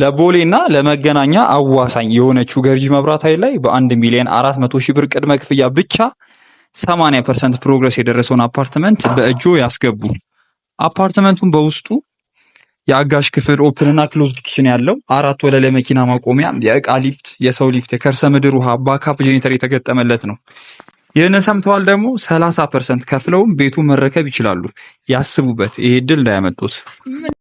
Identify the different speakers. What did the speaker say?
Speaker 1: ለቦሌና ለመገናኛ አዋሳኝ የሆነችው ገርጂ መብራት ኃይል ላይ በ1 ሚሊዮን 400 ሺህ ብር ቅድመ ክፍያ ብቻ 80 ፐርሰንት ፕሮግረስ የደረሰውን አፓርትመንት በእጆ ያስገቡ። አፓርትመንቱን በውስጡ የአጋሽ ክፍል፣ ኦፕን ኦፕንና ክሎዝድ ኪችን ያለው አራት ወለል የመኪና ማቆሚያ፣ የእቃ ሊፍት፣ የሰው ሊፍት፣ የከርሰ ምድር ውሃ፣ ባካፕ ጄኔተር የተገጠመለት ነው። ይህን ሰምተዋል? ደግሞ 30 ፐርሰንት ከፍለውም ቤቱ መረከብ ይችላሉ። ያስቡበት፣ ይህ ድል እንዳያመጡት።